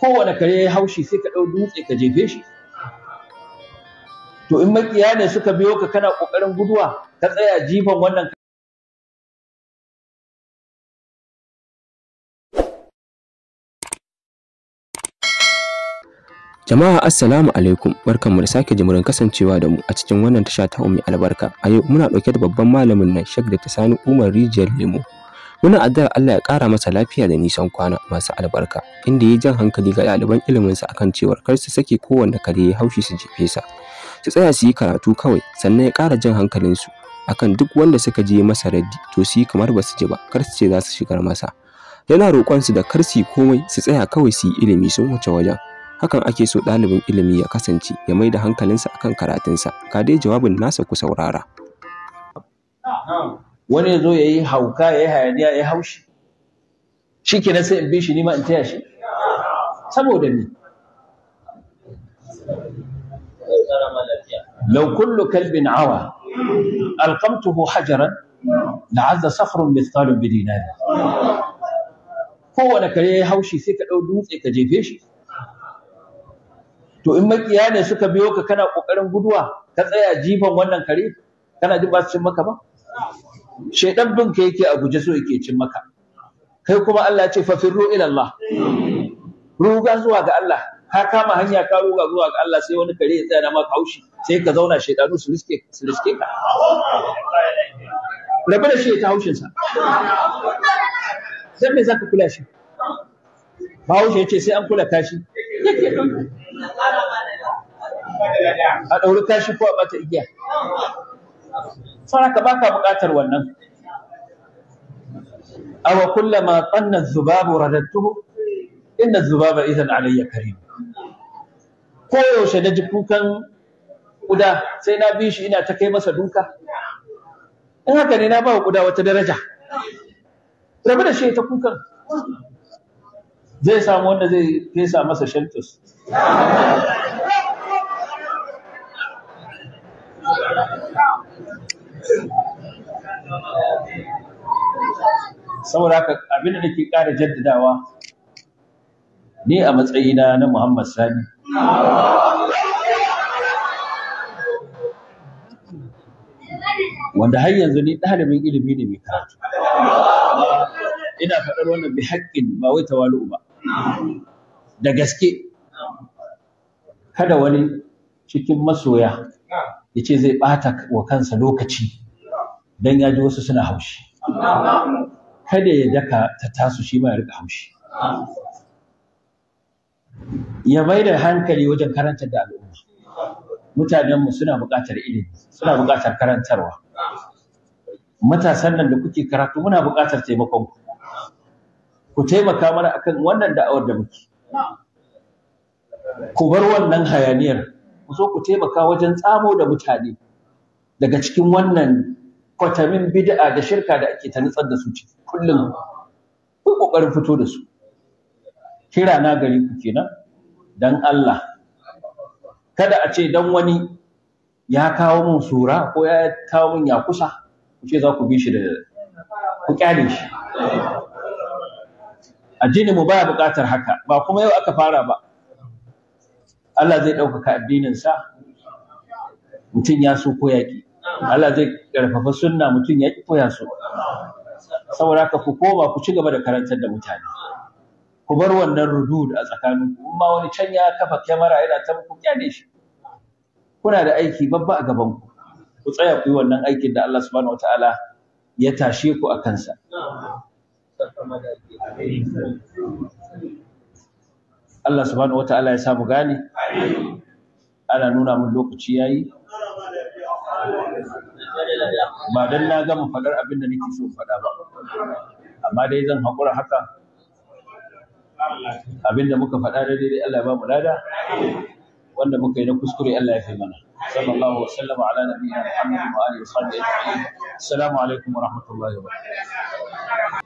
kowane kare ya haushi sai ka ɗau dutse ka jefe shi to in makiya ne suka biyo ka kana ƙoƙarin guduwa ka tsaya jifan wannan Jama'a assalamu alaikum barkanmu da sake jimurin kasancewa da mu a cikin wannan tasha ta umi albarka a yau muna ɗauke da babban malamin nan Sheikh Dr. Sani Umar Rijiyar Lemo muna addu'ar Allah ya ƙara masa lafiya da nisan kwana masu albarka inda ya jan hankali ga ɗaliban iliminsa akan cewar kar su sake kowanne kare ya haushi su jefe sa su tsaya su yi karatu kawai sannan ya ƙara jan hankalinsu akan duk wanda suka je masa raddi to su yi kamar ba su ji ba kar su ce za su shigar masa yana roƙon su da kar su yi komai su tsaya kawai su yi ilimi sun wuce wajen hakan ake so ɗalibin ilimi ya kasance ya mai da hankalinsa akan karatunsa ka dai jawabin nasa ku saurara. wani ya zo ya yi hauka ya yi hayaniya ya yi haushi shi ke sai in bi shi nima in taya shi saboda ni لو كل كلب عوى ألقمته حجرا لعز صخر مثقال بدينار kowane kare ya haushi sai ka ɗau dutse ka jefe shi to in makiya ne suka biyo ka kana ƙoƙarin guduwa ka tsaya jifan wannan kare kana jin ba su cin maka ba shaidan bin ka yake a guje so yake cin maka kai kuma Allah ya ce fa firru ila Allah ruga zuwa ga Allah ka kama hanya ka ruga zuwa ga Allah sai wani kare ya tsaya na maka haushi sai ka zauna shaidanu su riske su riske ka rabu da shi ta haushin sa sai me zaka kula shi ba haushe yace sai an kula kashi a ɗauri kashi ko a bata igiya ba baka buƙatar wannan aw kullama tanna zubabu radattuhu inna zubaba idan alayya karim koyaushe na ji kukan ƙuda sai na bi shi ina ta kai masa duka in haka ne na ba wa ƙuda wata daraja rabu da shi ta kukan zai samu wanda zai fesa masa shantus saboda haka abin da nake ƙara jaddadawa ne a matsayina na Muhammad Sani wanda har yanzu ni ɗalibin ilimi ne mai karatu ina faɗar wannan bi haƙƙin ba wai tawalu ba da gaske kada wani cikin masoya ya ce zai ɓata wa kansa lokaci don ya ji wasu suna haushi kada ya daka ta tasu shi ma ya rika haushi ya bai da hankali wajen karanta da al'umma mutanenmu suna buƙatar ilimi suna buƙatar karantarwa matasan nan da kuke karatu muna buƙatar taimakon ku ku taimaka mana akan wannan da'awar da muke ku bar wannan hayaniyar ku zo ku taimaka wajen tsamo da mutane daga cikin wannan kwatamin bid'a da shirka da ake ta nutsar da su ciki kullum ku kokarin fito da su kira na gari ku kenan dan Allah kada a ce dan wani ya kawo mun sura ko ya kawo mun ya kusa ku ce za ku bi shi da ku kyale shi addini mu baya bukatar haka ba kuma yau aka fara ba Allah zai ɗaukaka addininsa mutum ya so ko yaƙi Allah zai ƙarfafa sunna mutum ya ko ya so saboda haka ku koma ku ci gaba da karantar da mutane ku bar wannan rudud a tsakaninku ku. wani can ya kafa kyamara yana ta muku shi kuna da aiki babba a gabanku ku tsaya ku yi wannan aikin da Allah subhanahu wataala ya tashe ku a kansa Allah subhanahu wata'ala ya samu gane ana nuna min lokaci yayi ba dan na gama faɗar abin da nake so faɗa ba amma dai zan haƙura haka abin da muka faɗa da daidai Allah ya ba mu lada wanda muka yi na kuskure Allah ya fi mana sallallahu alaihi wasallam ala nabiyina Muhammad wa alihi wa sahbihi assalamu alaikum wa rahmatullahi wa barakatuh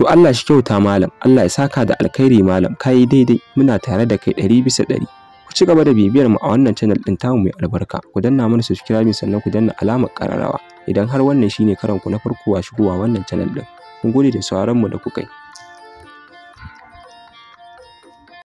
To Allah shi kyauta malam, Allah ya saka da alkhairi malam, kai daidai muna tare da kai ɗari bisa ɗari. ku ci gaba da bibiyar mu a wannan channel din tamu mai albarka ku danna mana subscribe sannan ku danna alamar kararrawa idan har wannan shine karan ku na farko wa shigowa wannan channel din mun gode da sauraron mu da ku kai